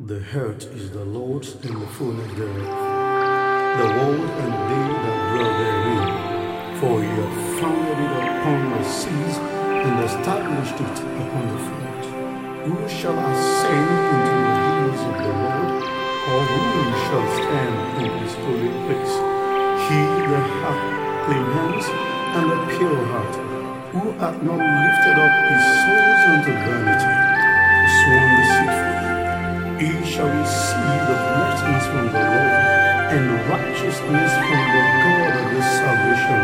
The hurt is the Lord's and the fullness thereof, the world and they that dwell therein. For you have founded it upon the seas and established it upon the flood. Who shall ascend into the hills of the Lord, or who shall stand in his holy place? He that hath clean hands and a pure heart, who hath not lifted up his souls unto vanity, sworn deceitfully Ye shall receive the blessings from the Lord and righteousness from the God of his salvation.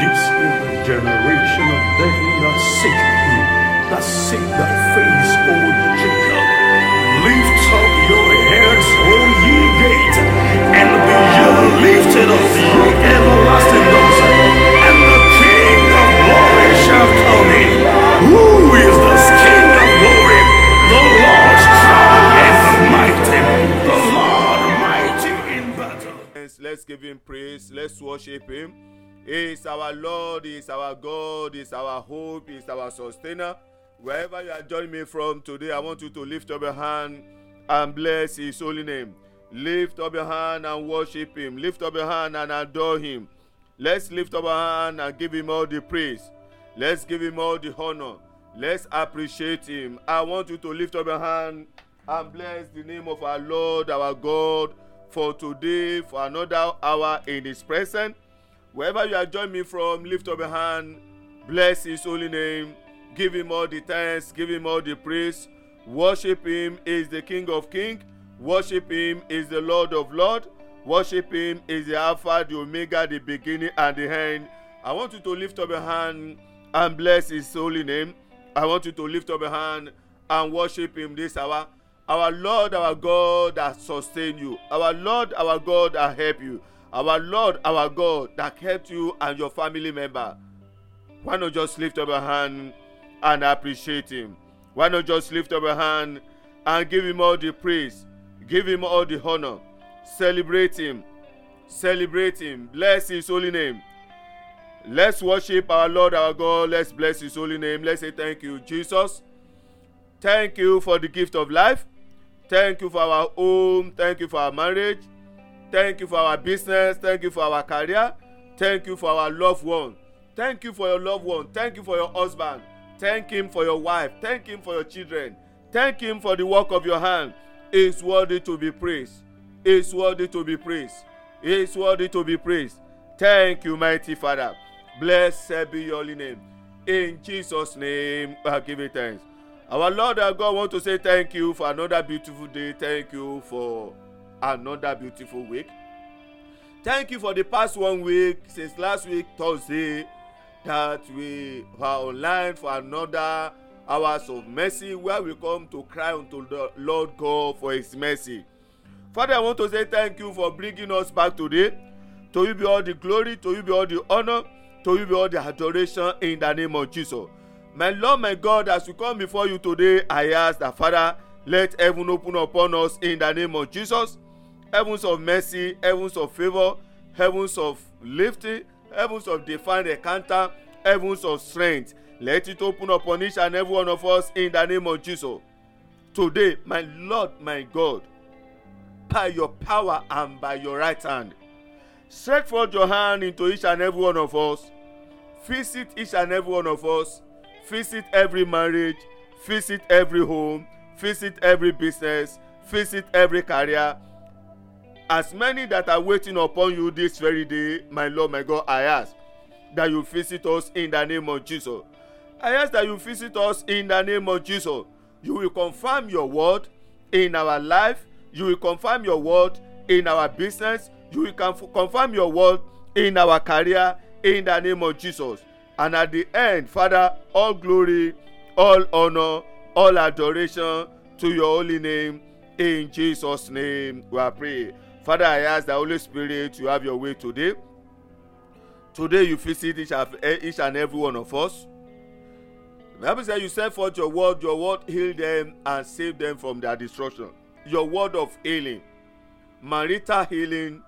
This is the generation of them that seek thee, that seek thy face, O Jacob. Lift up your heads, O ye gate, and be ye lifted up, ye give him praise. Let's worship him. He is our Lord, He is our God, He is our hope, He is our sustainer. Wherever you are joining me from today, I want you to lift up your hand and bless His holy name. Lift up your hand and worship Him. Lift up your hand and adore Him. Let's lift up our hand and give Him all the praise. Let's give Him all the honor. Let's appreciate Him. I want you to lift up your hand and bless the name of our Lord, our God, for today, for another hour in His presence. Wherever you are join me from, lift up your hand, bless His holy name, give Him all the thanks, give Him all the praise. Worship Him is the King of Kings, worship Him is the Lord of Lords, worship Him is the Alpha, the Omega, the beginning, and the end. I want you to lift up your hand and bless His holy name. I want you to lift up your hand and worship Him this hour. Our Lord, our God that sustain you. Our Lord, our God that help you. Our Lord, our God that kept you and your family member. Why not just lift up your hand and appreciate Him? Why not just lift up your hand and give Him all the praise? Give Him all the honor. Celebrate Him. Celebrate Him. Bless His holy name. Let's worship our Lord, our God. Let's bless His holy name. Let's say thank you, Jesus. Thank you for the gift of life. Thank you for our home. Thank you for our marriage. Thank you for our business. Thank you for our career. Thank you for our loved one. Thank you for your loved one. Thank you for your husband. Thank him for your wife. Thank him for your children. Thank him for the work of your hand. He is worthy to be praised. He is worthy to be praised. He is worthy to be praised. Thank you, mighty Father. Blessed be your holy name. In Jesus' name, I give you thanks. Our Lord and God want to say thank you for another beautiful day. Thank you for another beautiful week. Thank you for the past one week since last week, Thursday, that we were online for another hours of mercy where we come to cry unto the Lord God for His mercy. Father, I want to say thank you for bringing us back today. To you be all the glory, to you be all the honor, to you be all the adoration in the name of Jesus. My Lord, my God, as we come before you today, I ask that Father, let heaven open upon us in the name of Jesus. Heavens of mercy, heavens of favor, heavens of lifting, heavens of divine encounter, heavens of strength. Let it open upon each and every one of us in the name of Jesus. Today, my Lord, my God, by your power and by your right hand, stretch forth your hand into each and every one of us. Visit each and every one of us visit every marriage visit every home visit every business visit every career as many that are waiting upon you this very day my lord my god i ask that you visit us in the name of jesus i ask that you visit us in the name of jesus you will confirm your word in our life you will confirm your word in our business you will confirm your word in our career in the name of jesus And at the end, Father, all glory, all honor, all adoration to your holy name. In Jesus' name, we are praying. Father, I ask the Holy Spirit You have your way today. Today, you visit each, eh, each and every one of us. The Bible says, You send forth your word, your word heal them and save them from their destruction. Your word of healing, marital healing,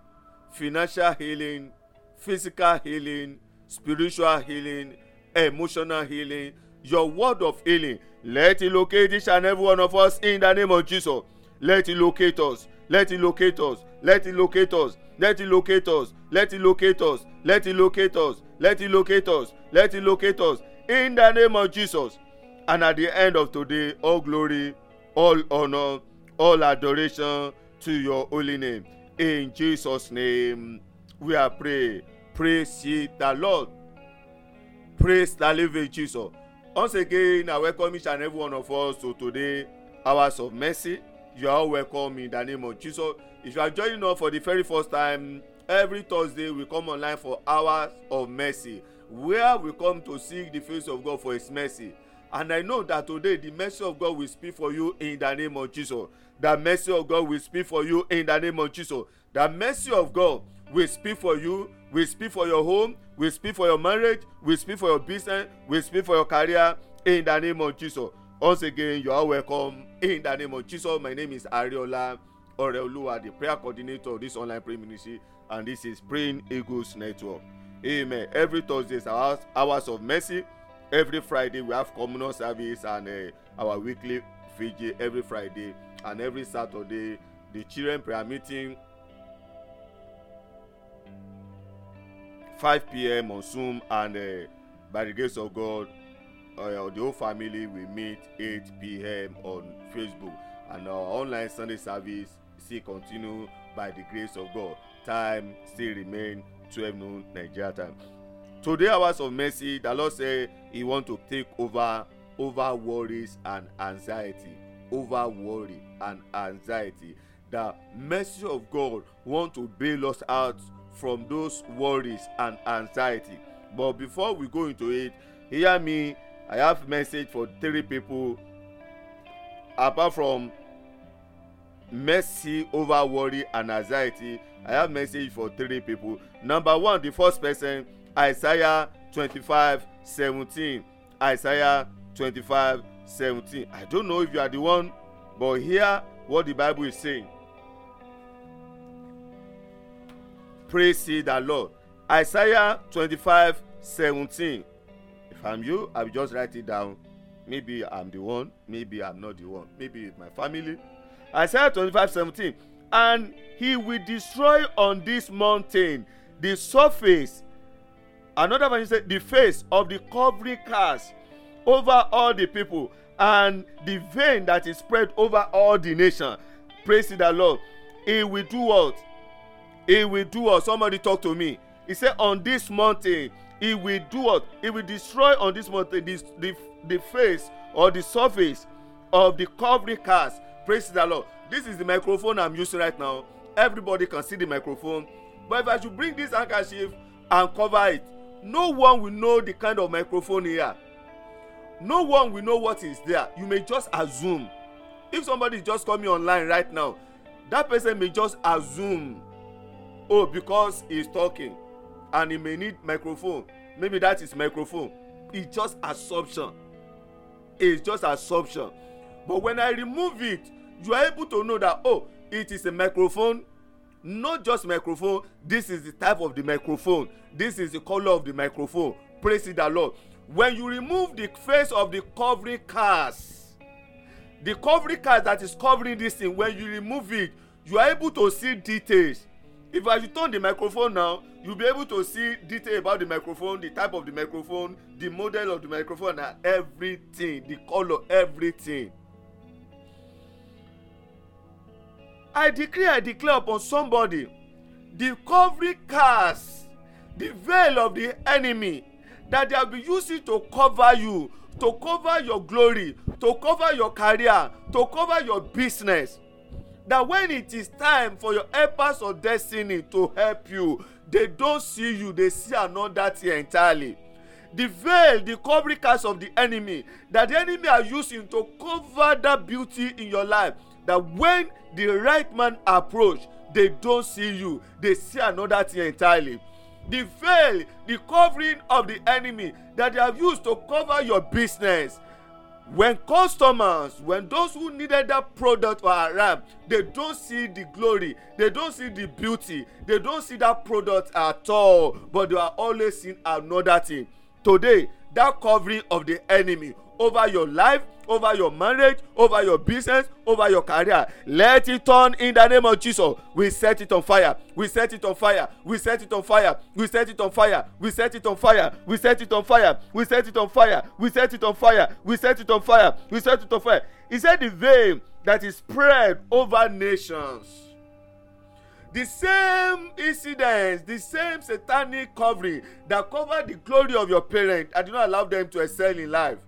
financial healing, physical healing, spiritual healing, emotional healing, your word of healing. Let it locate each and every one of us in the name of Jesus. Let it locate us. Let it locate us. Let it locate us. Let it locate us. Let it locate us. Let it locate us. Let it locate us. Let it locate us. In the name of Jesus. And at the end of today, all glory, all honor, all adoration to your holy name. In Jesus' name, we are praying. Praise ye the Lord. Praise the living Jesus. Once again, I welcome each and every one of us to today, hours of mercy. You are all welcome in the name of Jesus. If you are joining us for the very first time, every Thursday we come online for hours of mercy, where we come to seek the face of God for His mercy. And I know that today the mercy of God will speak for you in the name of Jesus. The mercy of God will speak for you in the name of Jesus. The mercy of God will speak for you We speak for your home We speak for your marriage We speak for your business We speak for your career in the name of jesus once again you are welcome in the name of jesus my name is ariola oreoluwa the prayer coordinator of this online prayer ministry and this is Praying eagles network amen every thursday is our hours of mercy every friday we have communal service and uh, our weekly vigil every friday and every saturday the children prayer meeting 5 p.m. on Zoom, and uh, by the grace of God, uh, the whole family will meet 8 p.m. on Facebook. And our online Sunday service still continue by the grace of God. Time still remain 12 noon Nigeria time. Today, hours of mercy, the Lord say He want to take over over worries and anxiety, over worry and anxiety. The mercy of God want to bail us out from those worries and anxiety but before we go into it hear me i have message for three people apart from mercy over worry and anxiety i have message for three people number one the first person isaiah twenty-five seventeen isaiah twenty-five seventeen i don't know if you are the one but hear what the bible is saying Praise ye the Lord. Isaiah 25 17. If I'm you, I will just write it down. Maybe I'm the one, maybe I'm not the one, maybe it's my family. Isaiah 25 17. And he will destroy on this mountain the surface. Another one said, the face of the covering cast over all the people and the vein that is spread over all the nation. Praise the Lord. He will do what? He will do what? Somebody talk to me. He said, On this mountain, he will do what? He will destroy on this mountain the, the, the face or the surface of the covering cast. Praise the Lord. This is the microphone I'm using right now. Everybody can see the microphone. But if I should bring this handkerchief and cover it, no one will know the kind of microphone here. No one will know what is there. You may just assume. If somebody just call me online right now, that person may just assume oh because he's talking and he may need microphone maybe that is microphone it's just assumption it's just assumption but when i remove it you are able to know that oh it is a microphone not just microphone this is the type of the microphone this is the color of the microphone praise the lord when you remove the face of the covering cast the covering cast that is covering this thing when you remove it you are able to see details if as you turn the microphone now you be able to see detail about the microphone the type of the microphone the model of the microphone and everything the colour everything. i declare i declare upon somebody the covering cast the veil of the enemy that they have been using to cover you to cover your glory to cover your career to cover your business that when it is time for your helpers of destiny to help you they don see you they see another thing entirely the veil the covering cast of the enemy that the enemy are using to cover that beauty in your life that when the right man approach they don see you they see another thing entirely the veil the covering of the enemy that they have used to cover your business when customers when those who needed that product were arrived they don't see the glory they don't see the beauty they don't see that product at all but they are always seeing another thing today that covering of the enemy over your life over your marriage, over your business, over your career. Let it turn in the name of Jesus. We set it on fire. We set it on fire. We set it on fire. We set it on fire. We set it on fire. We set it on fire. We set it on fire. We set it on fire. We set it on fire. We set it on fire. He said the veil that is spread over nations the same incidents the same satanic covering that covered the glory of your parents and did not allow them to excel in life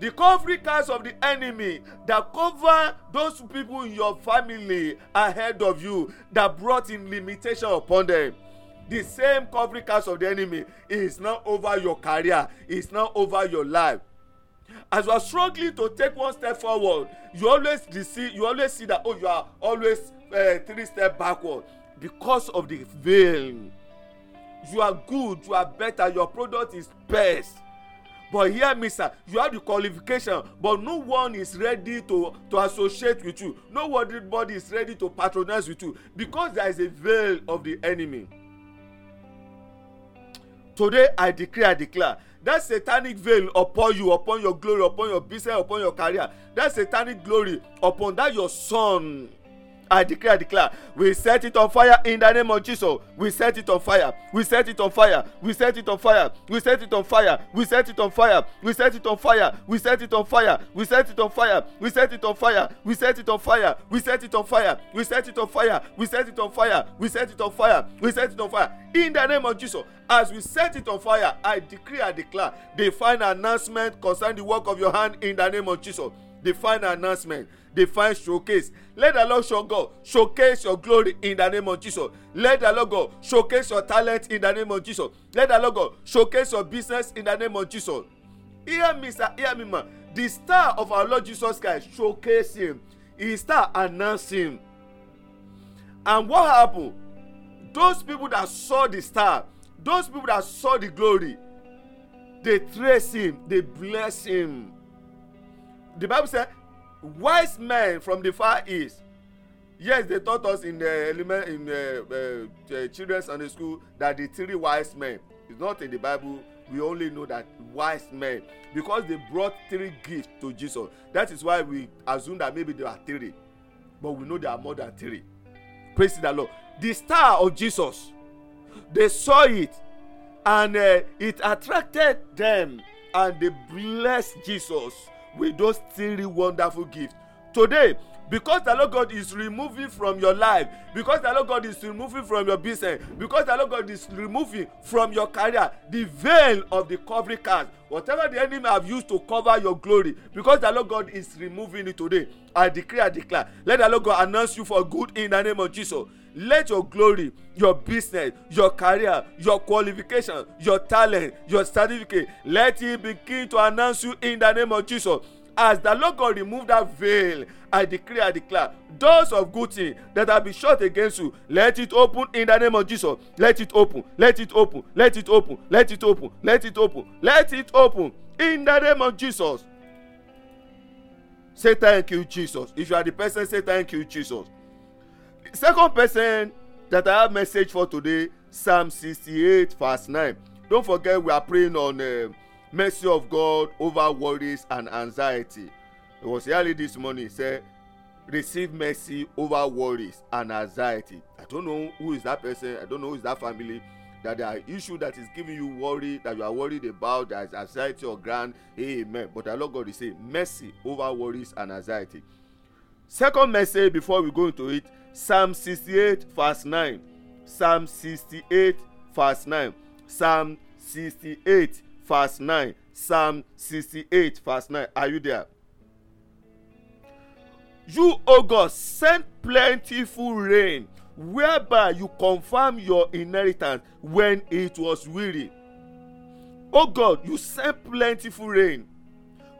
the covering cast of the enemy that cover those people in your family ahead of you that brought in limitation upon them the same covering cast of the enemy is now over your career is now over your life as you are struggling to take one step forward you always see you always see that oh you are always uh, three steps backward because of the veil you are good you are better your product is best but here, me you have the qualification but no one is ready to to associate with you No body is ready to patronize with you because there is a veil of the enemy today i declare i declare that satanic veil upon you upon your glory upon your business upon your career that satanic glory upon that your son I declare, I declare, we set it on fire in the name of Jesus. We set it on fire. We set it on fire. We set it on fire. We set it on fire. We set it on fire. We set it on fire. We set it on fire. We set it on fire. We set it on fire. We set it on fire. We set it on fire. We set it on fire. We set it on fire. We set it on fire. We set it on fire. In the name of Jesus, as we set it on fire, I decree, I declare the final announcement concerning the work of your hand in the name of Jesus. The final announcement Define showcase. Let the Lord show God showcase your glory in the name of Jesus. Let the Lord God showcase your talent in the name of Jesus. Let the Lord God showcase your business in the name of Jesus. Hear me, sir. Hear me, man. The star of our Lord Jesus Christ showcase him. He star announced him. And what happened? Those people that saw the star, those people that saw the glory, they trace him, they bless him. The Bible said wise men from the far east yes they taught us in uh, element in uh, uh, uh children's sunday school that the three wise men is not in the bible we only know that wise men because they brought three gifts to jesus that is why we assume that maybe there are three but we know there are more than three praise the lord the star of jesus they saw it and uh, it attracted them and they blessed jesus with those three wonderful gifts today because the lord god is removing from your life because the lord god is removing from your business because the lord god is removing from your career the veil of the covering cast whatever the enemy have used to cover your glory because the lord god is removing it today i declare i declare let the lord god announce you for good in the name of jesus let your glory your business your career your qualification your talent your certificate let it begin to announce you in the name of jesus as the lord god remove that veil i declare i declare doors of good thing that have been shut against you let it open in the name of jesus let it open let it open let it open let it open let it open let it open in the name of jesus say thank you jesus if you are the person say thank you jesus second person that i have message for today psalm sixty-eight verse nine don't forget we are praying on uh, mercy of god over worries and anxiety it was early this morning Say, receive mercy over worries and anxiety i don't know who is that person i don't know who is that family that their issue that is giving you worry that you are worried about that is anxiety or grand amen but I love god to say mercy over worries and anxiety second message before we go into it psalm sixty-eight verse nine psalm sixty-eight verse nine psalm sixty-eight verse nine psalm sixty-eight verse nine are you there. you o god send plentiful rain whereby you confirm your inheritance when it was weary o god you send plentiful rain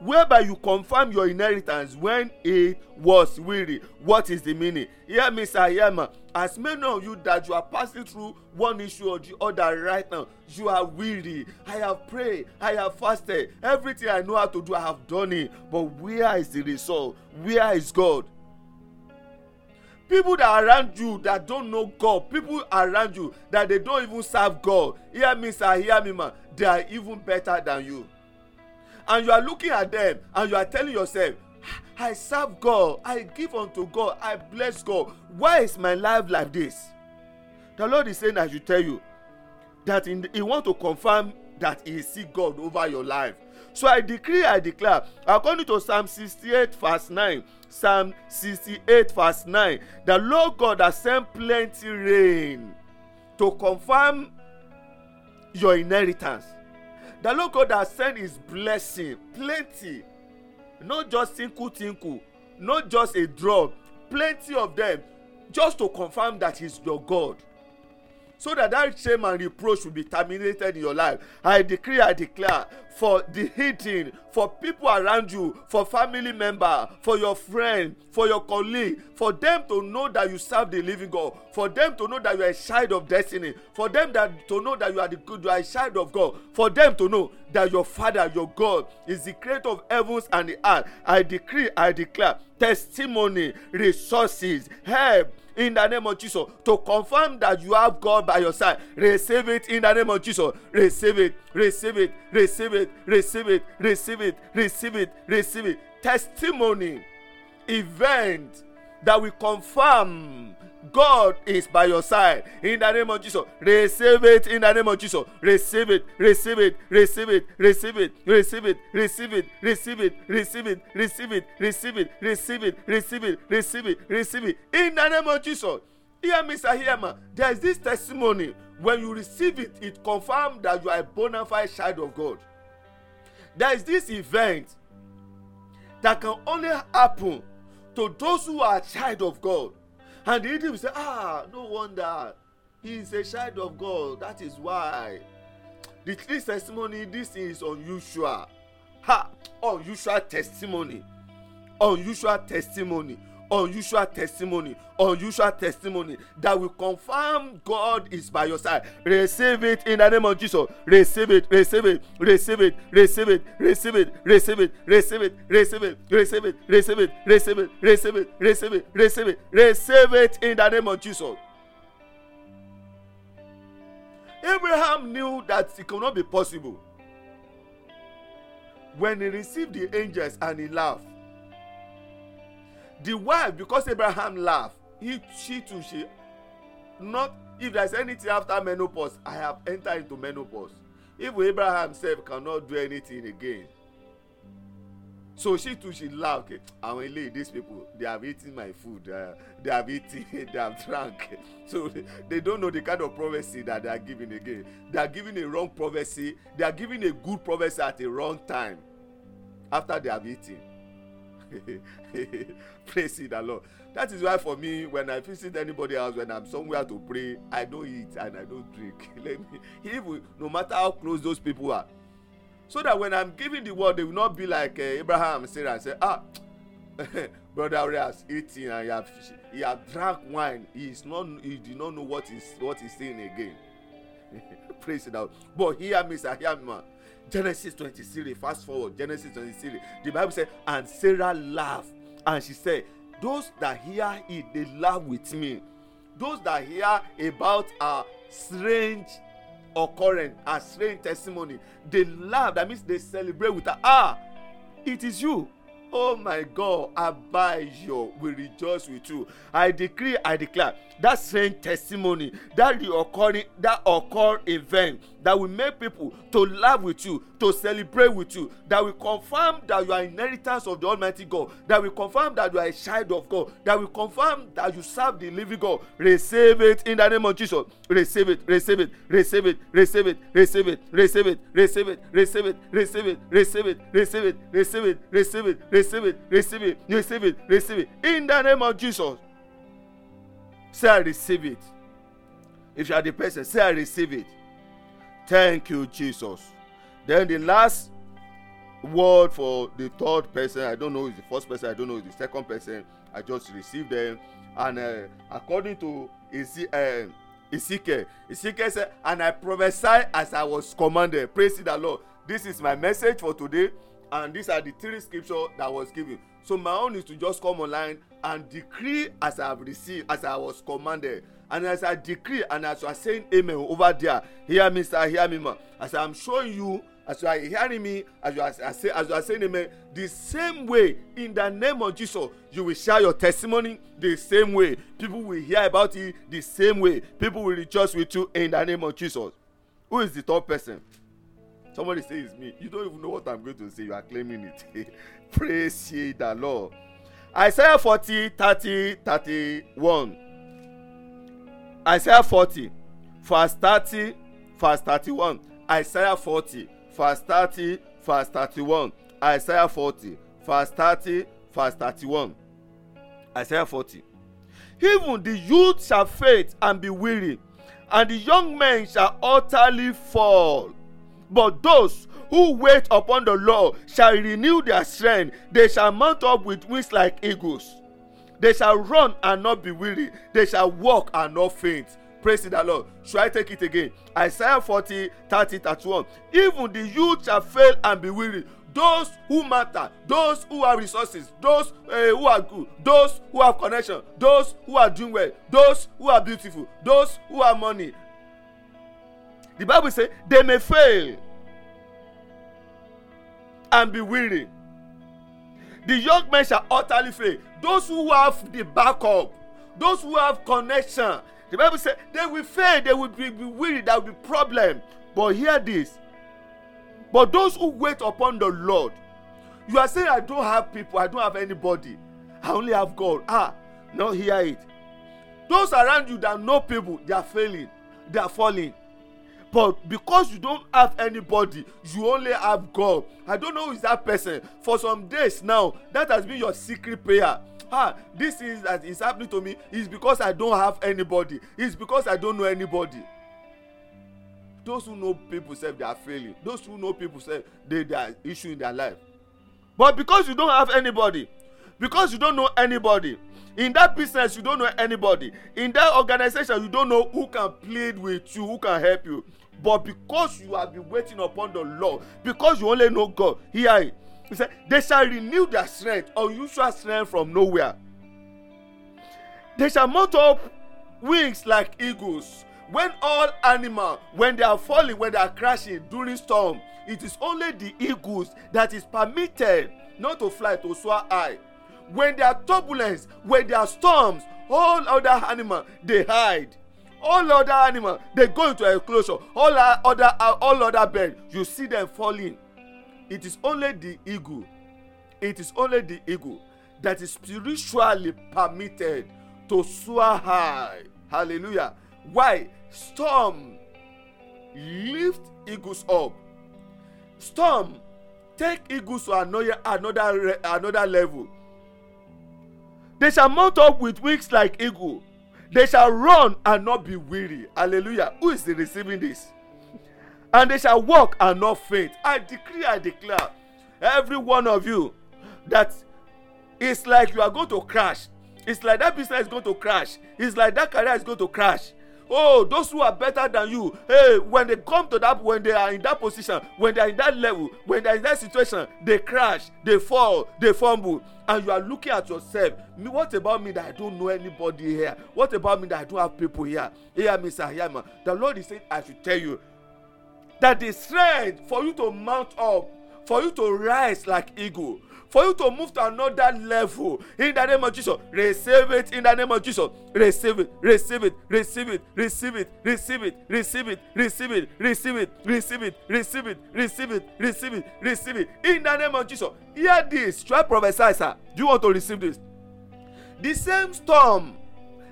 whereby you confirm your inheritance when it was weary. What is the meaning? Hear me, sir. Hear me. As many of you that you are passing through one issue or the other right now, you are weary. I have prayed, I have fasted, everything I know how to do, I have done it. But where is the result? Where is God? people that around you that don't know god people around you that they don't even serve god hear me sir hear me ma they are even better than you and you are looking at them and you are telling yourself ah, i serve god i give unto god i bless god why is my life like this the lord is saying i should tell you that in, he want to confirm that he see god over your life so i declare, i declare according to psalm sixty-eight verse nine psalm sixty-eight verse nine the lord god has sent plenty rain to confirm your inheritance The Lord God has sent His blessing plenty, not just tinkle tinkle, not just a drop, plenty of them, just to confirm that He's your God. so that that shame and reproach will be terminated in your life. I decree, I declare for the hidden, for people around you, for family member, for your friend, for your colleague, for them to know that you serve the living God, for them to know that you are a child of destiny, for them that to know that you are the good, you are a child of God, for them to know that your Father, your God, is the creator of heavens and the earth. I decree, I declare testimony, resources, help in the name of Jesus. To confirm that you have God by your side, receive it in the name of Jesus. Receive it, receive it, receive it, receive it, receive it, receive it, receive it. Testimony, event that will confirm God is by your side in the name of Jesus. Receive it in the name of Jesus. Receive it, receive it, receive it, receive it, receive it, receive it, receive it, receive it, receive it, receive it, receive it, receive it, receive it, receive it in the name of Jesus. Hear me, sir, hear me. There is this testimony. When you receive it, it confirms that you are a bona fide child of God. There is this event that can only happen to those who are child of God and the idiom said, Ah, no wonder. He is a child of God. That is why. The three testimony, this is unusual. Ha! Unusual testimony. Unusual testimony. unusual testimony unusual testimony that will confirm God is by your side receive it in the name of Jesus receive it receive it receive it receive it receive it receive it receive it receive it receive it receive it receive it receive it receive it receive it receive it in the name of Jesus. Abraham knew that it could not be possible when he received the angels and he laughed the wife because abraham laugh he she too she not if there is anything after menopause i have entered into menopause even abraham sef cannot do anything again so she too she laugh okay àwọn eléyìí these people they have eaten my food uh, they have eaten they have drank so they, don't know the kind of prophesy that they are giving again they are giving a wrong prophesy they are giving a good prophesy at a wrong time after they have eaten praise the lord that is why for me when i visit anybody house when i'm somewhere to pray i no eat and i no drink let me even no matter how close those people are so that when i'm giving the word they will not be like uh, abraham sarah and say ah brother ore has eaten and he have he have drank wine he is not he did not know what is what he is saying again praise the lord but hear me sir hear me ma Genesis 23, fast forward, Genesis 23. The Bible says, And Sarah laughed, and she said, Those that hear it, they laugh with me. Those that hear about our strange occurrence, our strange testimony, they laugh. That means they celebrate with her. Ah, it is you. Oh my God, Abayo We rejoice with you. I decree, I declare that same testimony, that reoccurring, that occur event that will make people to laugh with you, to celebrate with you, that will confirm that you are inheritance of the Almighty God, that will confirm that you are a child of God, that will confirm that you serve the living God. Receive it in the name of Jesus. Receive it, receive it, receive it, receive it, receive it, receive it, receive it, receive it, receive it, receive it, receive it, receive it, receive it, receive it receive it, receive it, receive it, receive it. In the name of Jesus. Say, I receive it. If you are the person, say, I receive it. Thank you, Jesus. Then the last word for the third person, I don't know is the first person, I don't know is the second person. I just received them. And uh, according to Ezekiel, uh, Ezekiel. Ezekiel said, And I prophesy as I was commanded. Praise the Lord. This is my message for today and these are the three scriptures that was given so my own is to just come online and decree as i have received as i was commanded and as i decree and as i saying amen over there hear me sir hear me ma as i am showing you as you are hearing me as you are as, as you are saying amen the same way in the name of jesus you will share your testimony the same way people will hear about it the same way people will rejoice with you in the name of jesus who is the third person Somebody say it's me. You don't even know what I'm going to say. You are claiming it. Praise ye the Lord. Isaiah forty thirty thirty one. Isaiah 40, verse 30, verse one. Isaiah 40, verse 30, verse one. Isaiah 40, verse 30, verse one. Isaiah forty. Even the youth shall faint and be weary, and the young men shall utterly fall. But those who wait upon the Lord shall renew their strength, they shall mount up with wings like eagles. They shall run and not be weary, they shall walk and not faint. Praise the Lord. Should I take it again? Isaiah 40, 30, 31. Even the youth shall fail and be weary. Those who matter, those who have resources, those uh, who are good, those who have connection, those who are doing well, those who are beautiful, those who have money, The Bible says they may fail and be weary. The young men shall utterly fail. Those who have the backup, those who have connection, the Bible says they will fail, they will be, be weary, there will be problem. But hear this. But those who wait upon the Lord, you are saying, I don't have people, I don't have anybody. I only have God. Ah, now hear it. Those around you that know people, they are failing, they are falling. but because you don't have anybody you only have god i don't know who is that person for some days now that has been your secret prayer ah this thing that is happening to me is because i don't have anybody is because i don't know anybody those who know people sef they are failing those who know people sef they they issue in their life but because you don't have anybody because you don't know anybody in that business you don't know anybody in that organization you don't know who can plead with you who can help you But because you have been waiting upon the Lord, because you only know God, here he said, they shall renew their strength, unusual strength from nowhere. They shall mount up wings like eagles. When all animal, when they are falling, when they are crashing during storm, it is only the eagles that is permitted not to fly to soar high. When there are turbulence, when there are storms, all other animal they hide all other animal dey go into enclosure all other all other bird you see them falling it is only the eagle it is only the eagle that is spiritually permitted to soar high hallelujah why storm lift eagles up storm take eagles to another another another level they shall mount up with wings like eagle they shall run and not be weary. Hallelujah. Who is receiving this? And they shall walk and not faint. I declare, I declare, every one of you, that it's like you are going to crash. It's like that business is going to crash. It's like that career is going to crash. oh those who are better than you hey when they come to that when they are in that position when they are in that level when they are in that situation they crash they fall they fumble and you are looking at yourself me what about me that i don't know anybody here what about me that i don't have people here hear me sir hear me the lord is saying i should tell you that the strength for you to mount up for you to rise like eagle for you to move to another level in the name of Jesus. Receive it in the name of Jesus. Receive it, receive it, receive it, receive it, receive it, receive it, receive it, receive it, receive it, receive it, receive it, receive it, receive it in the name of Jesus. Hear this. Try prophesy, sir. Do you want to receive this? The same storm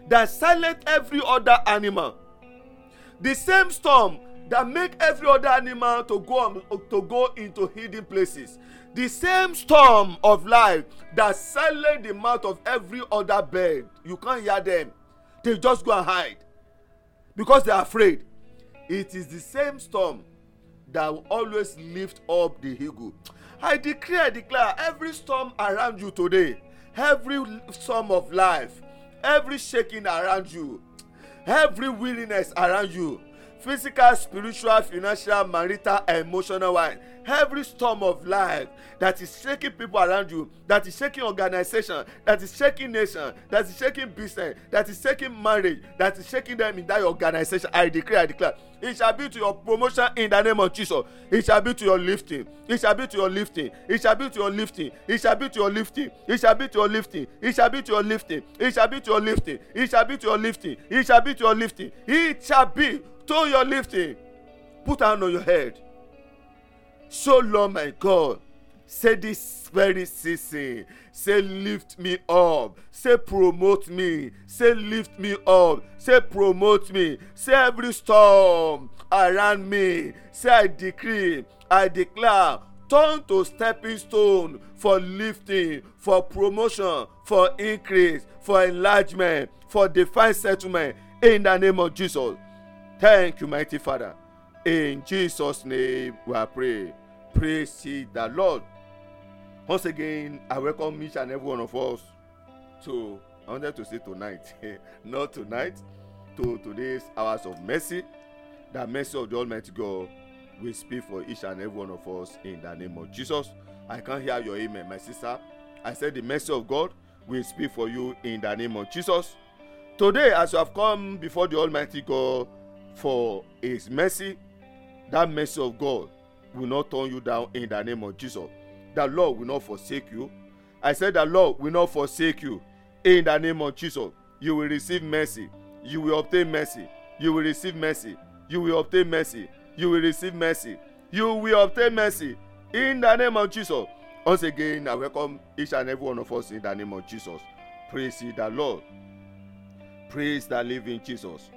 that silent every other animal the same storm that make every other animal to go to go into hidden places the same storm of life that silent the mouth of every other bird you can't hear them they just go and hide because they are afraid it is the same storm that will always lift up the eagle i declare I declare every storm around you today every storm of life every shaking around you every weariness around you physical, spiritual, financial, marital, emotional wise. Every storm of life that is shaking people around you, that is shaking organization, that is shaking nation, that is shaking business, that is shaking marriage, that is shaking them in that organization. I declare, I declare. It shall be to your promotion in the name of Jesus. It shall be to your lifting. It shall be to your lifting. It shall be to your lifting. It shall be to your lifting. It shall be to your lifting. It shall be to your lifting. It shall be to your lifting. It shall be to your lifting. It shall be to your lifting. It shall be Throw your lifting. Put hand on your head. So Lord my God, say this very season say lift me up say promote me say lift me up say promote me say every storm around me say i decree i declare turn to stepping stone for lifting for promotion for increase for enlargement for divine settlement in the name of jesus Thank you, mighty Father. In Jesus' name we pray. Praise the Lord. Once again, I welcome each and every one of us to, I wanted to say tonight, not tonight, to today's hours of mercy. The mercy of the Almighty God will speak for each and every one of us in the name of Jesus. I can't hear your amen, my sister. I said the mercy of God will speak for you in the name of Jesus. Today, as you have come before the Almighty God, for his mercy that mercy of god will not turn you down in the name of jesus That lord will not forsake you i said that lord will not forsake you in the name of jesus you will receive mercy you will obtain mercy you will receive mercy you will obtain mercy you will receive mercy you will obtain mercy in the name of jesus once again i welcome each and every one of us in the name of jesus praise the lord praise the living jesus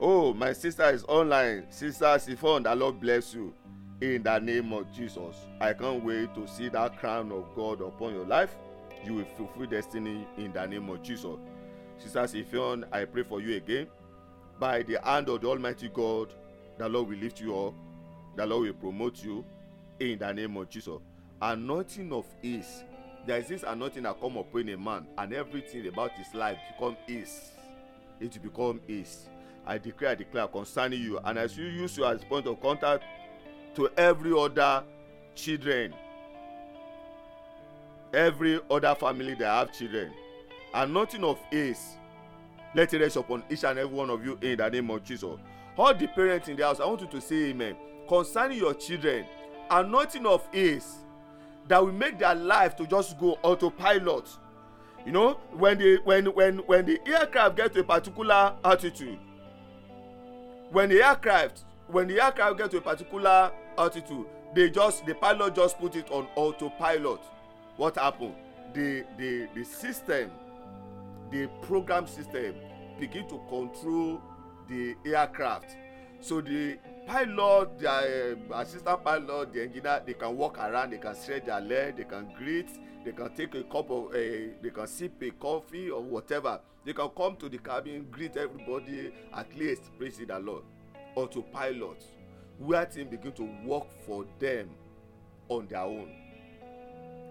oh my sister is online sister sifon the lord bless you in the name of jesus i can't wait to see that crown of god upon your life you will fulfill destiny in the name of jesus sister sifon i pray for you again by the hand of the almighty god the lord will lift you up the lord will promote you in the name of jesus anointing of ease there is this anointing that come upon a man and everything about his life become ease it become ease I declare, I declare concerning you, and as you use you as point of contact to every other children, every other family that have children, and nothing of ace. Let it rest upon each and every one of you in the name of Jesus. All the parents in the house, I want you to say amen. Concerning your children, and nothing of ace that will make their life to just go autopilot you know when the when when when the aircraft get to a particular altitude when the aircraft when the aircraft get to a particular altitude they just the pilot just put it on autopilot what happen the the the system the program system begin to control the aircraft so the pilot the uh, um, assistant pilot the engineer they can walk around they can stretch their leg they can greet they can take a cup of uh, they can sip a coffee or whatever they can come to the cabin greet everybody at least praise the lord or to pilot where things begin to work for them on their own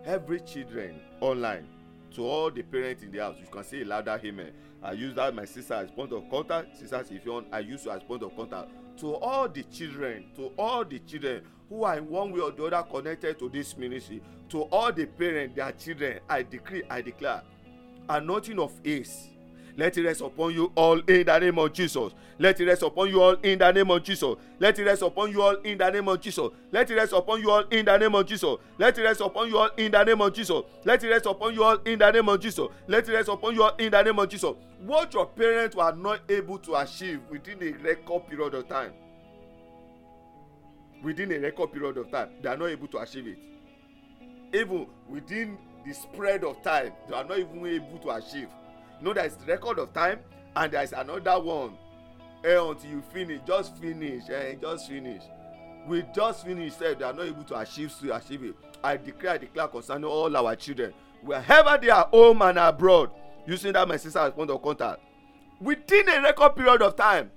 every children online to all the parents in the house you can say a louder amen i use that my sister as point of contact Sister, if you want i use you as point of contact to all the children to all the children who are in one way or the other connected to this ministry to all the parents their children i decree i declare and nothing of haste let it rest upon you all in the name of jesus let it rest upon you all in the name of jesus let it rest upon you all in the name of jesus let it rest upon you all in the name of jesus let it rest upon you all in the name of jesus let it rest upon you all in the name of jesus let it rest upon you all in the name of jesus what your parents were not able to achieve within a record period of time within a record period of time they are not able to achieve it even within the spread of time they are not even able to achieve you know there is the record of time and there is another one eh until you finish just finish eh just finish we just finish sef eh, they are not able to achieve to achieve it i declare i declare concerning all our children wherever they are home and abroad using that my sister as point of contact within a record period of time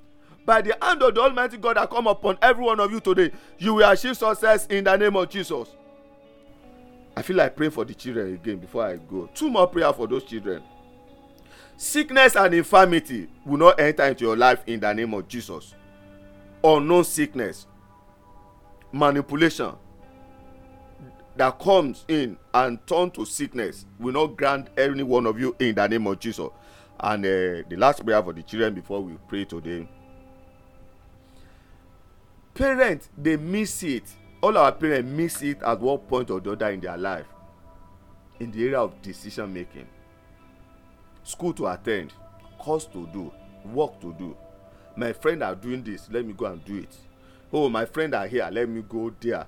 by the hand of the almighty god that come upon every one of you today you will achieve success in the name of jesus i feel like praying for the children again before i go two more prayer for those children sickness and infirmity will not enter into your life in the name of jesus unknown sickness manipulation that comes in and turn to sickness will not grant any one of you in the name of jesus and uh, the last prayer for the children before we pray today parents dey miss it all our parents miss it at one point or the other in their life in the area of decision making school to at ten d course to do work to do my friend are doing this let me go and do it oh my friend are here let me go there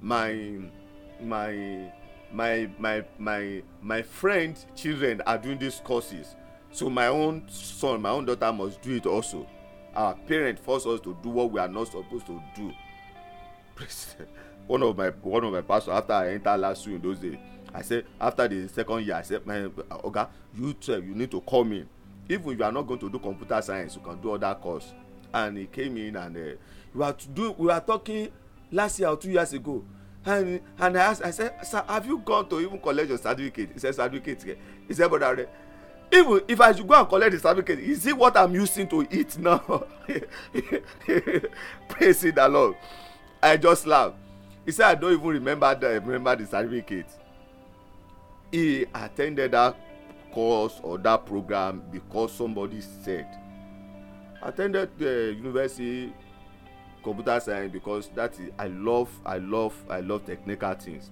my my my my my my friend children are doing these courses so my own son my own daughter must do it also our parents force us to do what we are not supposed to do one of my one of my pastor after i enter last week in those days i say after the second year i say my okay, you twelve you need to call me even you are not going to do computer science you can do other course and he came in and uh, we are do we are talking last year or two years ago and and i ask i say sir have you gone to even collect your certificate he say certificate he say brother even if i should go and collect the certificate is it what i'm using to eat now praise the lord i just laugh he say i don't even remember the remember the certificate he attended that course or that program because somebody said attended the university computer science because that is i love i love i love technical things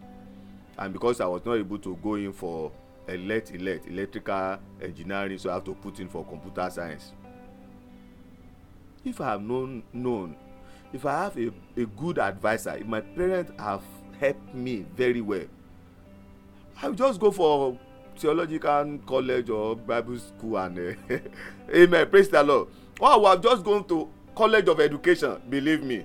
and because i was not able to go in for elect elect electrical engineering so i have to put in for computer science if i have known known if i have a a good adviser if my parents have helped me very well i will just go for theological college or bible school and uh, amen praise the lord or i would just gone to college of education believe me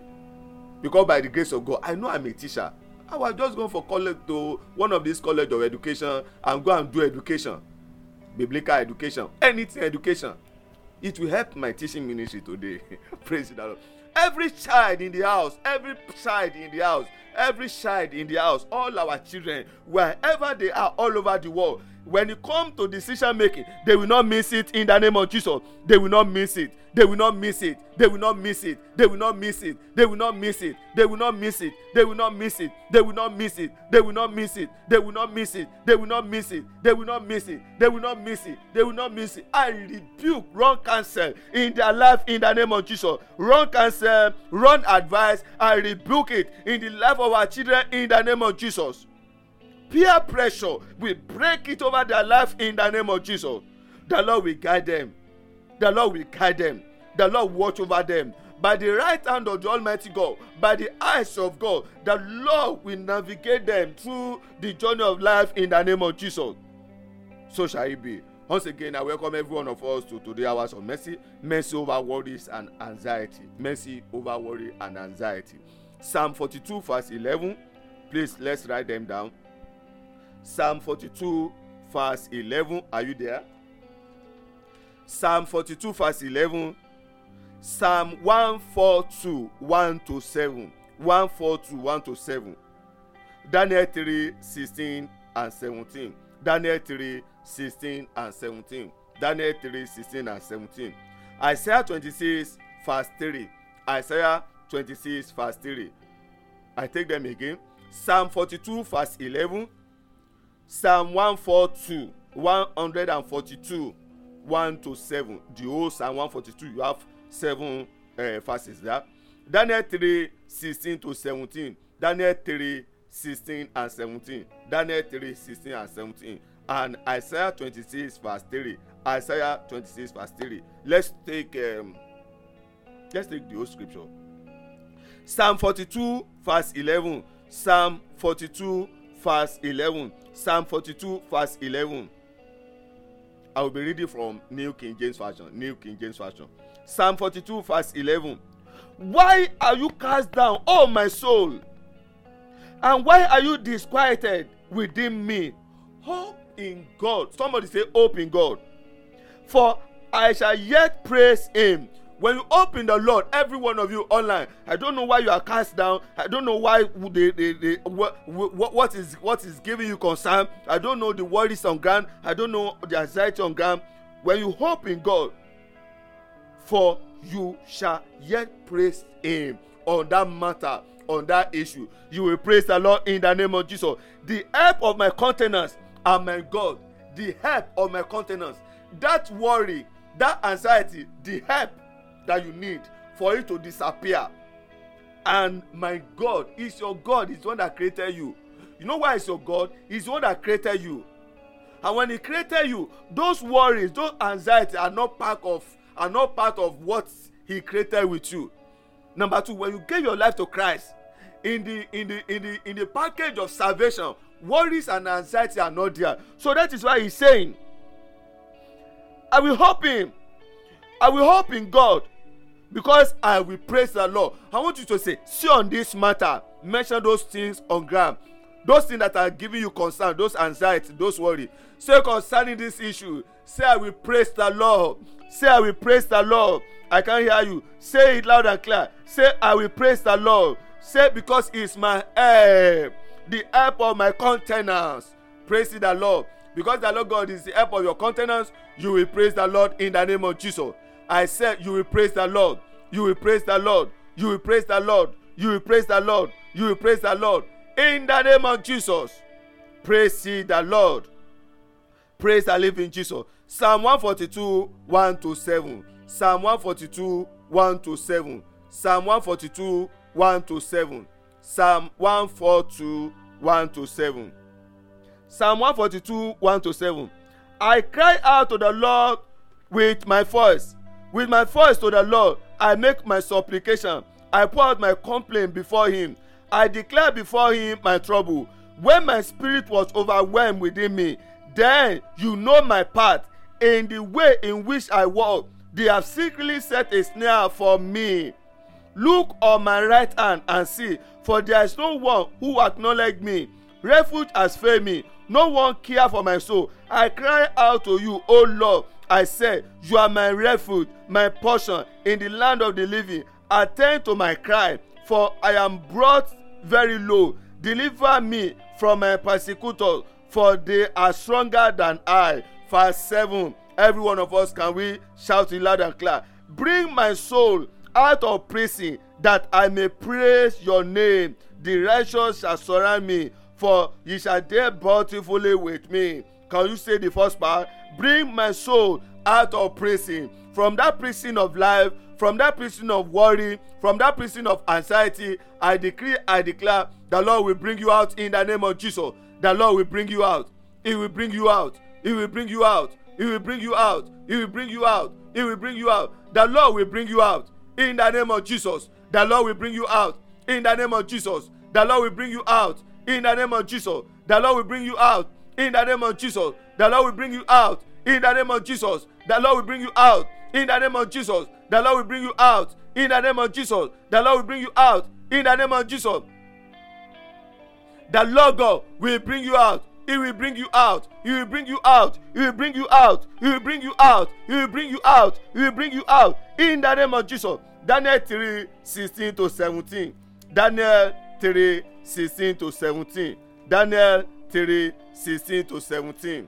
because by the grace of god i know i'm a teacher i was just going for college to one of these college of education and go and do education biblical education anything education it will help my teaching ministry today praise the lord every child in the house every child in the house every child in the house all our children wherever they are all over the world when you come to decision making they will not miss it in the name of jesus they will not miss it they will not miss it they will not miss it they will not miss it they will not miss it they will not miss it they will not miss it they will not miss it they will not miss it they will not miss it they will not miss it they will not miss it they will not miss it they will not miss it i rebuke wrong counsel in their life in the name of jesus wrong counsel wrong advice i rebuke it in the life of our children in the name of jesus peer pressure, we break it over their life in the name of Jesus. The Lord will guide them. The Lord will guide them. The Lord watch over them. By the right hand of the Almighty God, by the eyes of God, the Lord will navigate them through the journey of life in the name of Jesus. So shall it be. Once again, I welcome every one of us to today hours of mercy, mercy over worries and anxiety, mercy over worry and anxiety. Psalm 42, verse 11. Please let's write them down. Psalm 42, verse 11. Are you there? Psalm 42, verse 11. Psalm 142, 1 to 7. 142, 1 to 7. Daniel 3, 16 and 17. Daniel 3, 16 and 17. Daniel 3, 16 and 17. Isaiah 26, verse 3. Isaiah 26, verse 3. I take them again. Psalm 42, verse 11 psalm one four two one hundred and forty-two one to seven the whole psalm one forty-two you have seven uh, verses there daniel three sixteen to seventeen daniel three sixteen and seventeen daniel three sixteen and seventeen and isaiah twenty-six verse three isaiah twenty-six verse three let's take um, let's take the whole scripture psalm forty-two verse eleven psalm forty-two verse eleven, Psalm forty-two, verse eleven. I will be reading from New King James Version. New King James Version. Psalm forty-two, verse eleven. Why are you cast down, O my soul? And why are you disquieted within me? Hope in God. Somebody say, Hope in God. For I shall yet praise Him When you open the Lord, every one of you online, I don't know why you are cast down. I don't know why they, they, they what, what, what is what is giving you concern. I don't know the worries on ground. I don't know the anxiety on ground. When you hope in God, for you shall yet praise Him on that matter, on that issue. You will praise the Lord in the name of Jesus. The help of my countenance and my God. The help of my countenance. That worry, that anxiety, the help that you need for it to disappear and my god is your god is the one that created you you know why is your god is the one that created you and when he created you those worries those anxiety are not part of are not part of what he created with you number two when you gave your life to christ in the in the in the in the package of salvation worries and anxiety are not there so that is why he's saying i will hope him i will hope in god because i will praise the lord i want you to say see on this matter mention those things on ground those things that are giving you concern those anxiety those worry say concerning this issue say i will praise the lord say i will praise the lord i can hear you say it loud and clear say i will praise the lord say because he is my help the help of my countenance praise the lord because the lord god is the help of your countenance you will praise the lord in the name of jesus I said, You will praise the Lord. You will praise the Lord. You will praise the Lord. You will praise the Lord. You will praise the Lord. In the name of Jesus, praise ye the Lord. Praise the living Jesus. Psalm 142, 1 to 7. Psalm 142, 1 to 7. Psalm 142, 1 to 7. Psalm 142, 1 to 7. Psalm 142, 1 to 7. I cry out to the Lord with my voice With my voice to the Lord, I make my supplication. I pour out my complaint before Him. I declare before Him my trouble. When my spirit was overwhelmed within me, then you know my path. In the way in which I walk, they have secretly set a snare for me. Look on my right hand and see, for there is no one who acknowledge me refuge has failed me no one care for my soul i cry out to you o lord i say, you are my refuge my portion in the land of the living attend to my cry for i am brought very low deliver me from my persecutors for they are stronger than i verse seven every one of us can we shout it loud and clear bring my soul out of prison that i may praise your name the righteous shall surround me for ye shall deal bountifully with me. Can you say the first part? Bring my soul out of prison, from that prison of life, from that prison of worry, from that prison of anxiety. I decree, I declare, the Lord will bring you out in the name of Jesus. The Lord will bring you out. He will bring you out. He will bring you out. He will bring you out. He will bring you out. He will bring you out. The Lord will bring you out in the name of Jesus. The Lord will bring you out in the name of Jesus. The Lord will bring you out in the name of Jesus. The Lord will bring you out in the name of Jesus. The Lord will bring you out in the name of Jesus. The Lord will bring you out in the name of Jesus. The Lord will bring you out in the name of Jesus. The Lord will bring you out in the name of Jesus. The Lord God will bring you out. He will bring you out. He will bring you out. He will bring you out. He will bring you out. He will bring you out. He will bring you out. In the name of Jesus. Daniel 3 16 to 17. Daniel three sixteen to seventeen daniel three sixteen to seventeen.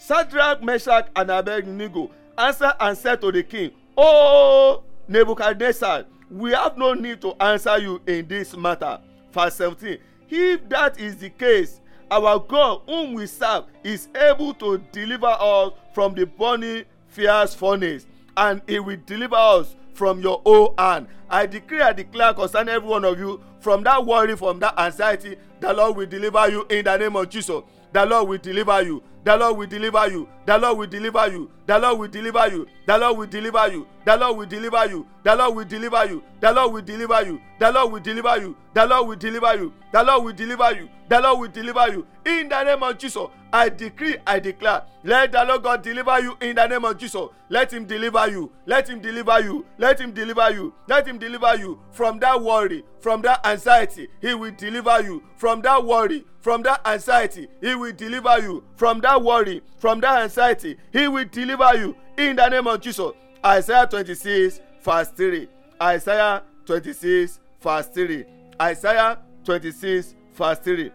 shadrach meshach and abednego answer and said to the king o nebuchadnezzar we have no need to answer you in this matter verse seventeen if that is the case our god whom we serve is able to deliver us from the burning fierce furnace and he will deliver us from your own hand. I declare, I declare concern every one of you from that worry, from that anxiety, the Lord will deliver you in the name of Jesus. The Lord will deliver you. The Lord will deliver you. The Lord will deliver you. The Lord will deliver you. The Lord will deliver you. The Lord will deliver you. The Lord will deliver you. The Lord will deliver you. The Lord will deliver you. The Lord will deliver you. The Lord will deliver you. The Lord will deliver you. In the name of Jesus, I decree, I declare, let the Lord God deliver you in the name of Jesus. Let him deliver you. Let him deliver you. Let him deliver you. Let him deliver you from that worry, from that anxiety. He will deliver you from that worry, from that anxiety. He will deliver you from that worry, from that anxiety. He will deliver deliver you in the name of Jesus. Isaiah 26 verse 3. Isaiah 26 verse 3. Isaiah 26 verse 3.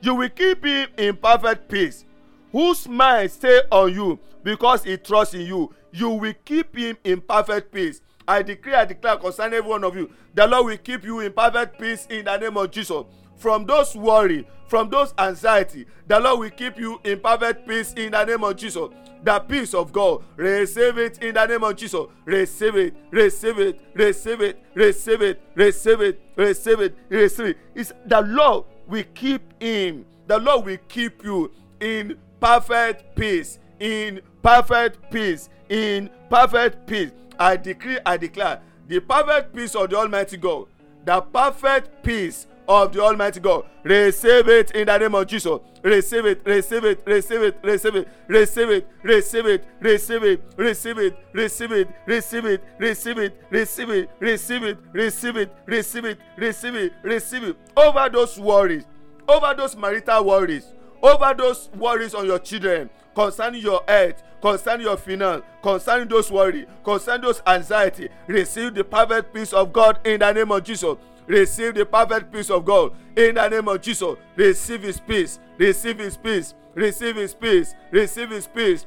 You will keep him in perfect peace whose mind stay on you because he trusts in you. You will keep him in perfect peace. I declare, I declare concerning every one of you, the Lord will keep you in perfect peace in the name of Jesus. from those worry, from those anxiety. The Lord will keep you in perfect peace in the name of Jesus. The peace of God, receive it in the name of Jesus. Receive it, receive it, receive it, receive it, receive it, receive it, receive it. It's the Lord will keep him. The Lord will keep you in perfect peace, in perfect peace, in perfect peace. I decree, I declare the perfect peace of the Almighty God, the perfect peace of the Almighty God. Receive it in the name of Jesus. Receive it, receive it, receive it, receive it, receive it, receive it, receive it, receive it, receive it, receive it, receive it, receive it, receive it, receive it, receive it, receive it, receive it. Over those worries, over those marital worries, over those worries on your children, concerning your health, concerning your finance concerning those worry concerning those anxiety receive the perfect peace of god in the name of jesus receive the perfect peace of God. In the name of Jesus, receive his peace, receive his peace, receive his peace, receive his peace.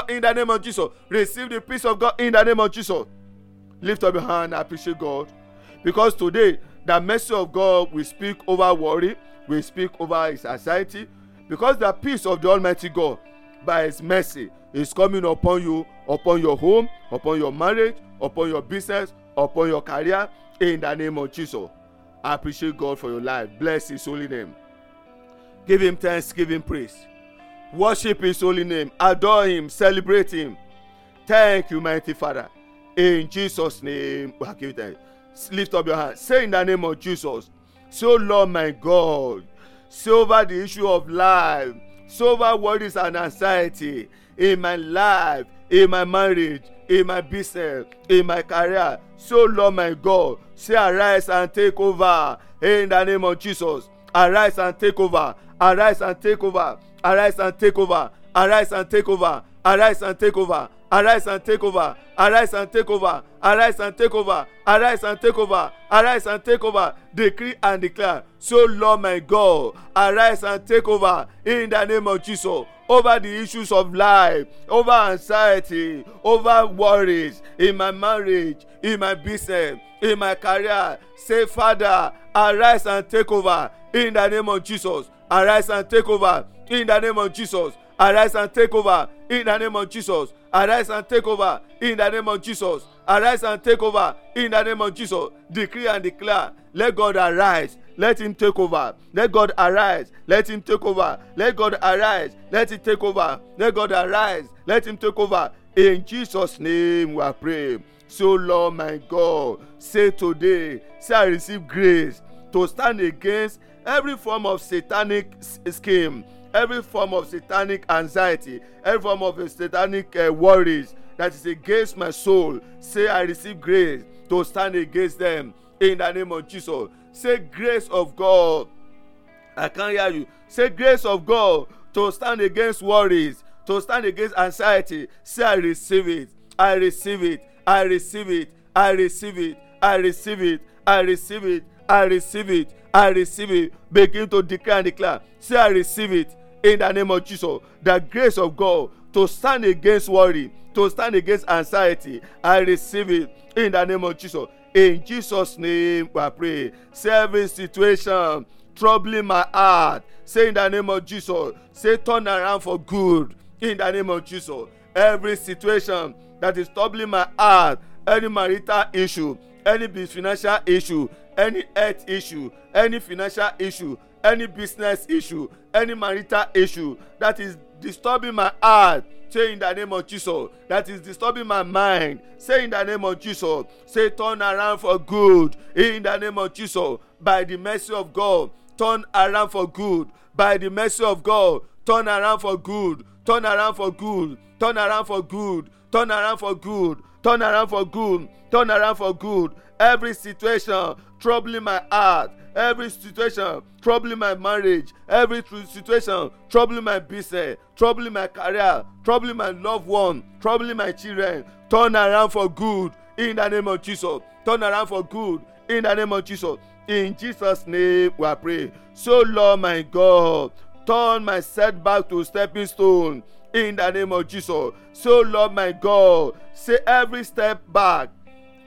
God in the name of Jesus. Receive the peace of God in the name of Jesus. Lift up your hand. I appreciate God. Because today, the mercy of God will speak over worry, will speak over his anxiety. Because the peace of the Almighty God, by his mercy, is coming upon you, upon your home, upon your marriage, upon your business, upon your career, in the name of Jesus. I appreciate God for your life. Bless his holy name. Give him thanks, give him praise. Worship His holy name. Adore Him. Celebrate Him. Thank you, mighty Father. In Jesus' name, Lift up your hand. Say in the name of Jesus. So, oh Lord my God, so over the issue of life, so over worries and anxiety in my life, in my marriage, in my business, in my career. So, oh Lord my God, say, arise and take over in the name of Jesus. Arise and take over. Arise and take over Arise and take over. Arise and take over. Arise and take over. Arise and take over. Arise and take over. Arise and take over. Arise and take over. Arise and take over. Declare and declare. So, Lord my God, arise and take over in the name of Jesus over the issues of life, over anxiety, over worries in my marriage, in my business, in my career. Say, Father, arise and take over in the name of Jesus. Arise and take over in the name of Jesus. Arise and take over in the name of Jesus. Arise and take over in the name of Jesus. Arise and take over in the name of Jesus. Decree and declare. Let God arise. Let him take over. Let God arise. Let him take over. Let God arise. Let him take over. Let God arise. Let him take over. In Jesus' name we are praying. So, Lord my God, say today, say I receive grace to stand against every form of satanic scheme every form of satanic anxiety, every form of satanic uh, worries that is against my soul, say, I receive grace to stand against them in the name of Jesus. Say, grace of God. I can't hear you. Say, grace of God to stand against worries, to stand against anxiety. Say, I receive it. I receive it. I receive it. I receive it. I receive it. I receive it. I receive it. I receive it. Begin to declare and declare. Say, I receive it. in the name of Jesus. The grace of God to stand against worry, to stand against anxiety. I receive it in the name of Jesus. In Jesus' name, I pray. Service situation troubling my heart. Say in the name of Jesus. Say turn around for good. In the name of Jesus. Every situation that is troubling my heart, any marital issue, any financial issue, any health issue, any financial issue, any business issue any marital issue that is disturbing my heart say in the name of jesus that is disturbing my mind say in the name of jesus say turn around for good in the name of jesus by the mercy of god turn around for good by the mercy of god turn around for good turn around for good turn around for good turn around for good turn around for good turn around for good every situation troubling my heart every situation troubling my marriage every situation troubling my business troubling my career troubling my loved one troubling my children turn around for good in the name of jesus turn around for good in the name of jesus in jesus name we pray so lord my god turn my setback to stepping stone in the name of jesus so lord my god say every step back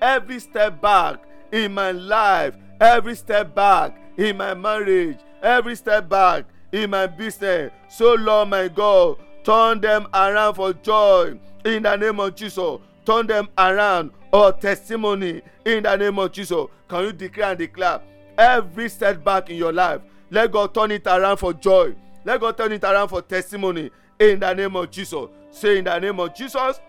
every step back in my life every step back in my marriage every step back in my business so lord my god turn them around for joy in the name of jesus turn them around for testimony in the name of jesus can you declare and declare every step back in your life let god turn it around for joy let god turn it around for testimony in the name of jesus say in the name of jesus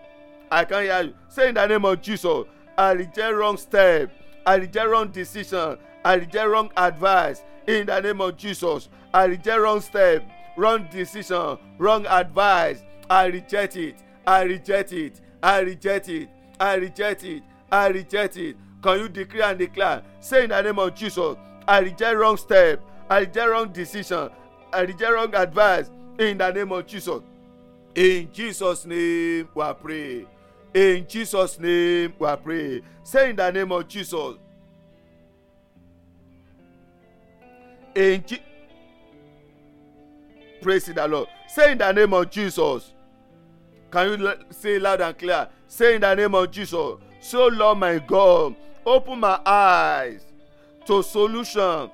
i can hear you say in the name of jesus i reject wrong step I reject wrong decision. I reject wrong advice. In the name of Jesus, I reject wrong step, wrong decision, wrong advice. I reject it. I reject it. I reject it. I reject it. I reject it. Can you decree and declare? Say in the name of Jesus, I reject wrong step. I reject wrong decision. I reject wrong advice. In the name of Jesus. In Jesus' name, we pray. In Jesus' name we pray. Say in the name of Jesus. In Je- praise the Lord. Say in the name of Jesus. Can you say loud and clear? Say in the name of Jesus. So Lord my God, open my eyes to solution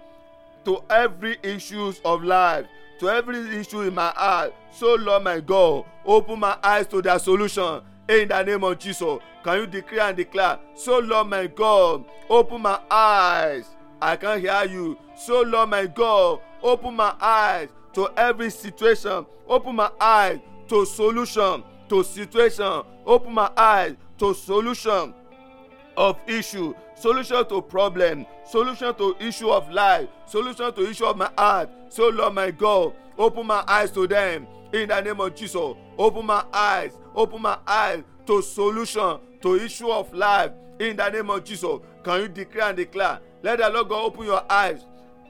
to every issues of life to every issue in my heart so lord my god open my eyes to that solution In the name of Jesus, can you declare and declare, So Lord my God, open my eyes. I can hear you. So Lord my God, open my eyes to every situation. Open my eyes to solution to situation. Open my eyes to solution of issue solution to problem solution to issue of life solution to issue of my heart so lord my god open my eyes to them in the name of Jesus. Open my eyes, open my eyes to solution, to issue of life in the name of Jesus. Can you declare and declare? Let the Lord God open your eyes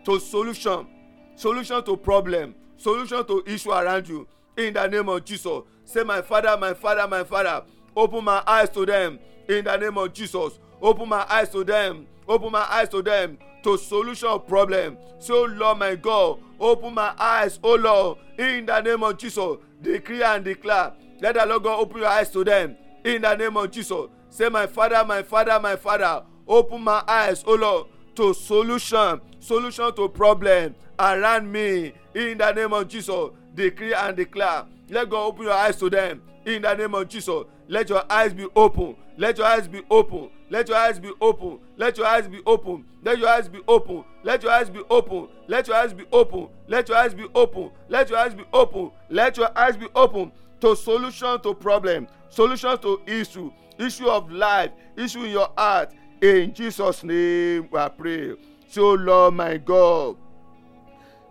to solution, solution to problem, solution to issue around you in the name of Jesus. Say, My Father, my Father, my Father, open my eyes to them in the name of Jesus. Open my eyes to them. Open my eyes to them to solution problem. So Lord my God, open my eyes, O Lord, in the name of Jesus. declare and declare. Let the Lord God open your eyes to them in the name of Jesus. Say, My Father, my Father, my Father, open my eyes, O Lord, to solution, solution to problem around me in the name of Jesus. declare and declare. Let God open your eyes to them in the name of jesus let your eyes be open let your eyes be open let your eyes be open let your eyes be open let your eyes be open let your eyes be open let your eyes be open let your eyes be open let your eyes be open let your eyes be open to solution to problem solution to issue issue of life issue in your heart in jesus name i pray so lord my god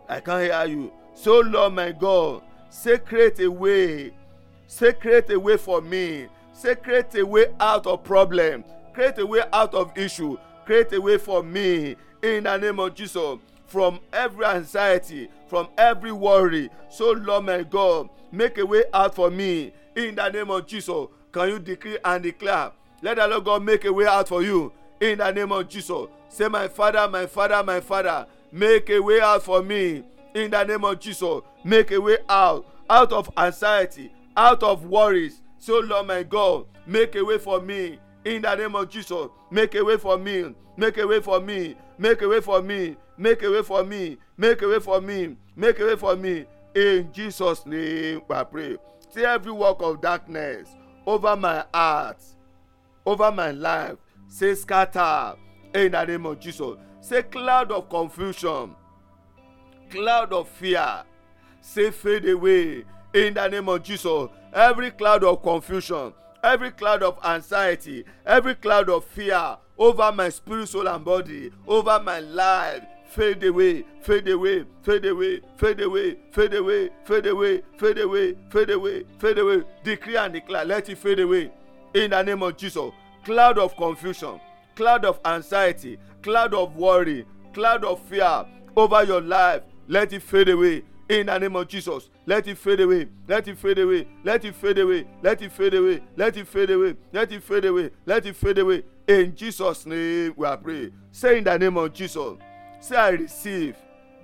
i can't hear you so lord my god create a way. Say, create a way for me. Say, create a way out of problem. Create a way out of issue. Create a way for me. In the name of Jesus. From every anxiety, from every worry. So, Lord my God, make a way out for me. In the name of Jesus. Can you decree and declare? Let the Lord God make a way out for you. In the name of Jesus. Say, My Father, my Father, my Father, make a way out for me. In the name of Jesus, make a way out out of anxiety, out of worries. So, Lord my God, make a way for me. In the name of Jesus, make a way for me. Make a way for me. Make a way for me. Make a way for me. Make a way for me. Make a way for me. In Jesus' name, I pray. See every work of darkness over my heart, over my life. Say scatter in the name of Jesus. Say cloud of confusion, cloud of fear. Say fade away in the name of Jesus. Every cloud of confusion, every cloud of anxiety, every cloud of fear over my spirit, soul, and body, over my life, fade away, fade away, fade away, fade away, fade away, fade away, fade away, fade away, fade away. Declare and declare, let it fade away in the name of Jesus. Cloud of confusion, cloud of anxiety, cloud of worry, cloud of fear over your life, let it fade away in the name of Jesus. Let it fade away. Let it fade away. Let it fade away. Let it fade away. Let it fade away. Let it fade away. Let it fade away. In Jesus' name we are praying. Say in the name of Jesus. Say I receive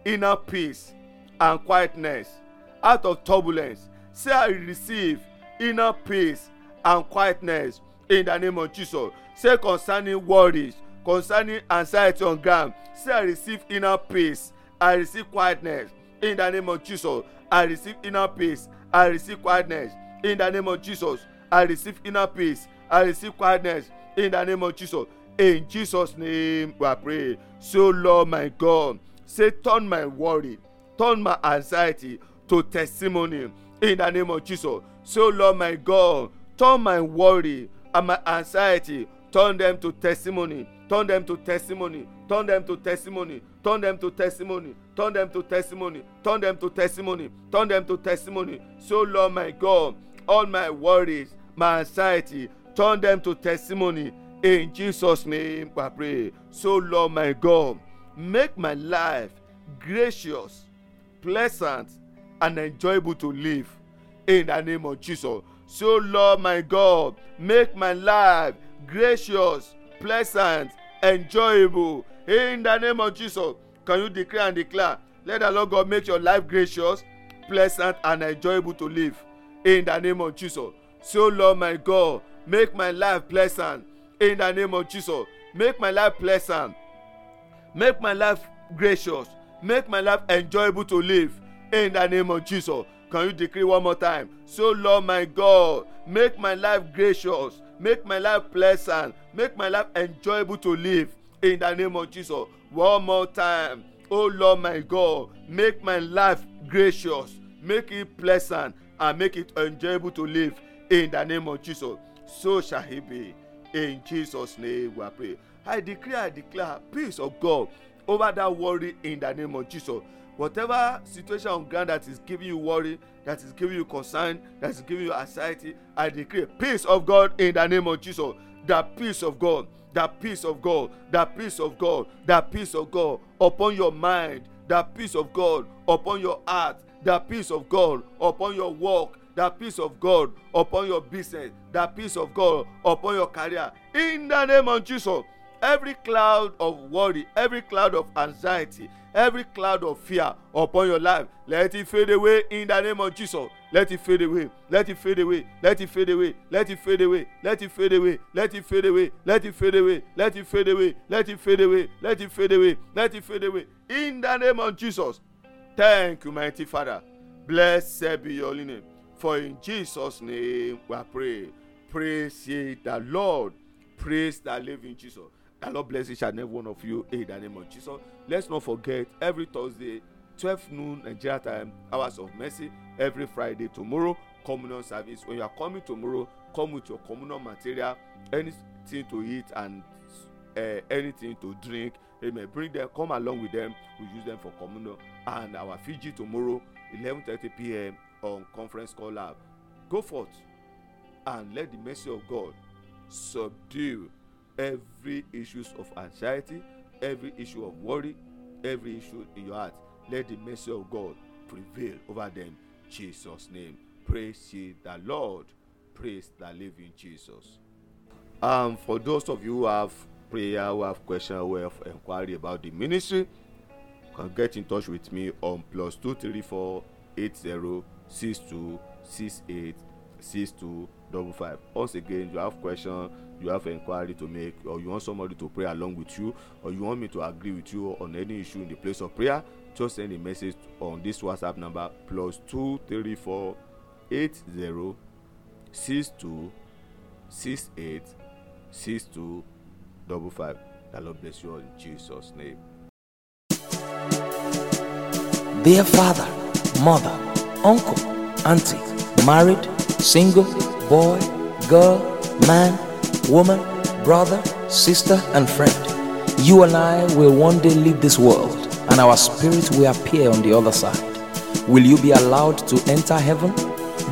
inner peace and quietness out of turbulence. Say I receive inner peace and quietness in the name of Jesus. Say concerning worries, concerning anxiety on ground. Say I receive inner peace. I receive quietness In the name of Jesus, I receive inner peace. I receive quietness. In the name of Jesus, I receive inner peace. I receive quietness. In the name of Jesus. In Jesus' name we pray. So, Lord my God, say, turn my worry, turn my anxiety to testimony. In the name of Jesus. So, Lord my God, turn my worry and my anxiety, turn them to testimony. Turn them to testimony Turn them to testimony. Turn them to testimony. Turn them to testimony. Turn them to testimony. Turn them to testimony. So, Lord my God, all my worries, my anxiety, turn them to testimony. In Jesus' name I pray. So, Lord my God, make my life gracious, pleasant, and enjoyable to live. In the name of Jesus. So, Lord my God, make my life gracious, pleasant, enjoyable In the name of Jesus, can you declare and declare, let the Lord God make your life gracious, pleasant, and enjoyable to live. In the name of Jesus. So, Lord my God, make my life pleasant. In the name of Jesus, make my life pleasant. Make my life gracious. Make my life enjoyable to live. In the name of Jesus. Can you declare one more time? So, Lord my God, make my life gracious. Make my life pleasant. Make my life enjoyable to live in the name of Jesus. One more time. Oh Lord my God, make my life gracious, make it pleasant, and make it enjoyable to live in the name of Jesus. So shall he be. In Jesus' name we pray. I declare, I declare peace of God over that worry in the name of Jesus. Whatever situation on ground that is giving you worry, that is giving you concern, that is giving you anxiety, I declare peace of God in the name of Jesus. The peace of God That peace of God, that peace of God, that peace of God upon your mind, that peace of God upon your heart, that peace of God upon your work, that peace of God upon your business, that peace of God upon your career. In the name of Jesus, every cloud of worry, every cloud of anxiety, every cloud of fear upon your life let it fade away in the name of jesus let it fade away let it fade away let it fade away let it fade away let it fade away let it fade away let it fade away let it fade away let it fade away let it fade away let it fade away in the name of jesus thank you mighty father blessed be your name for in jesus name we pray praise ye the lord praise the living jesus The Lord bless each and every one of you in the name of Jesus. Let's not forget every Thursday, twelve noon Nigeria time, hours of mercy. Every Friday, tomorrow, communal service. When you are coming tomorrow, come with your communal material, anything to eat and uh, anything to drink. Amen. Bring them, come along with them. We use them for communal. And our Fiji tomorrow, eleven thirty p.m. on Conference Call Lab. Go forth and let the mercy of God subdue every issues of anxiety every issue of worry every issue in your heart let the mercy of god prevail over them jesus name praise ye the lord praise the living jesus um for those of you who have prayer who have question who have inquiry about the ministry can get in touch with me on plus two three four eight zero six two six eight six two double five once again you have question you have inquiry to make or you want somebody to pray along with you or you want me to agree with you on any issue in the place of prayer just send a message on this whatsapp number plus two three four eight zero six two six eight six two double five the lord bless you all in jesus name. dear father mother uncle auntie married single boy girl man woman, brother, sister, and friend, you and I will one day leave this world and our spirit will appear on the other side. Will you be allowed to enter heaven?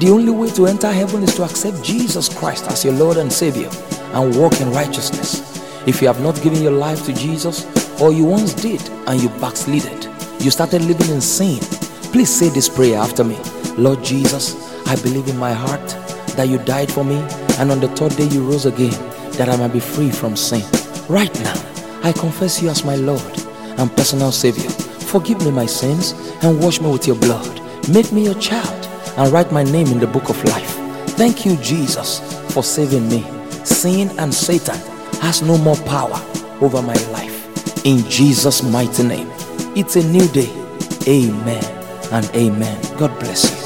The only way to enter heaven is to accept Jesus Christ as your Lord and Savior and walk in righteousness. If you have not given your life to Jesus, or you once did and you backslided, you started living in sin, please say this prayer after me Lord Jesus, I believe in my heart that you died for me and on the third day you rose again, that I might be free from sin. Right now, I confess you as my Lord and personal Savior. Forgive me my sins and wash me with your blood. Make me your child and write my name in the book of life. Thank you, Jesus, for saving me. Sin and Satan has no more power over my life. In Jesus' mighty name, it's a new day. Amen and amen. God bless you.